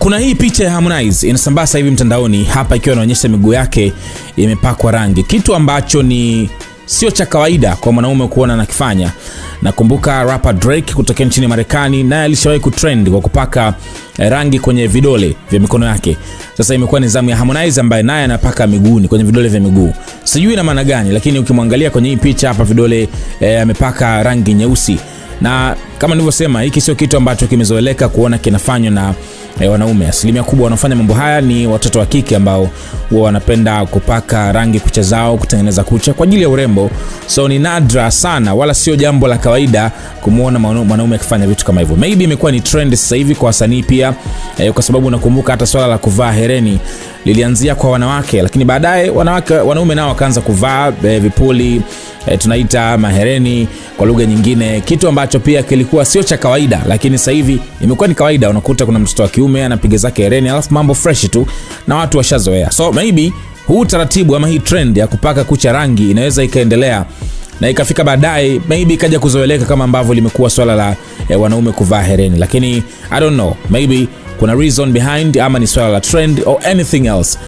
Kuna hii picha ya Harmonize inasambaa sasa hivi mtandaoni hapa ikiwa inaonyesha miguu yake imepakwa rangi, kitu ambacho ni sio cha kawaida kwa mwanaume kuona anakifanya. Nakumbuka rapper Drake kutokea nchini Marekani, naye alishawahi kutrend kwa kupaka eh, rangi kwenye vidole vya mikono yake. Sasa imekuwa ni zamu ya Harmonize ambaye naye anapaka miguuni, kwenye vidole vya miguu. Sijui ina maana gani, lakini ukimwangalia kwenye hii picha hapa vidole eh, amepaka eh, rangi nyeusi, na kama nilivyosema, hiki sio kitu ambacho kimezoeleka kuona kinafanywa na e, wanaume. Asilimia kubwa wanafanya mambo haya ni watoto wa kike ambao huwa wanapenda kupaka rangi kucha zao, kutengeneza kucha kwa ajili ya urembo. So ni nadra sana, wala sio jambo la kawaida kumwona mwanaume akifanya vitu kama hivyo. Maybe imekuwa ni trend sasa hivi kwa wasanii pia e, kwa sababu unakumbuka hata swala la kuvaa hereni lilianzia kwa wanawake, lakini baadaye wanawake wanaume nao wakaanza kuvaa e, vipuli e, tunaita mahereni kwa lugha nyingine, kitu ambacho pia kilikuwa sio cha kawaida, lakini sasa hivi imekuwa ni kawaida. Unakuta kuna mtoto wa kiume anapiga zake hereni, alafu mambo fresh tu na watu washazoea. So maybe huu taratibu ama hii trend ya kupaka kucha rangi inaweza ikaendelea na ikafika baadaye maybe ikaja kuzoeleka kama ambavyo limekuwa swala la eh, wanaume kuvaa hereni, lakini I don't know, maybe kuna reason behind ama ni swala la trend or anything else.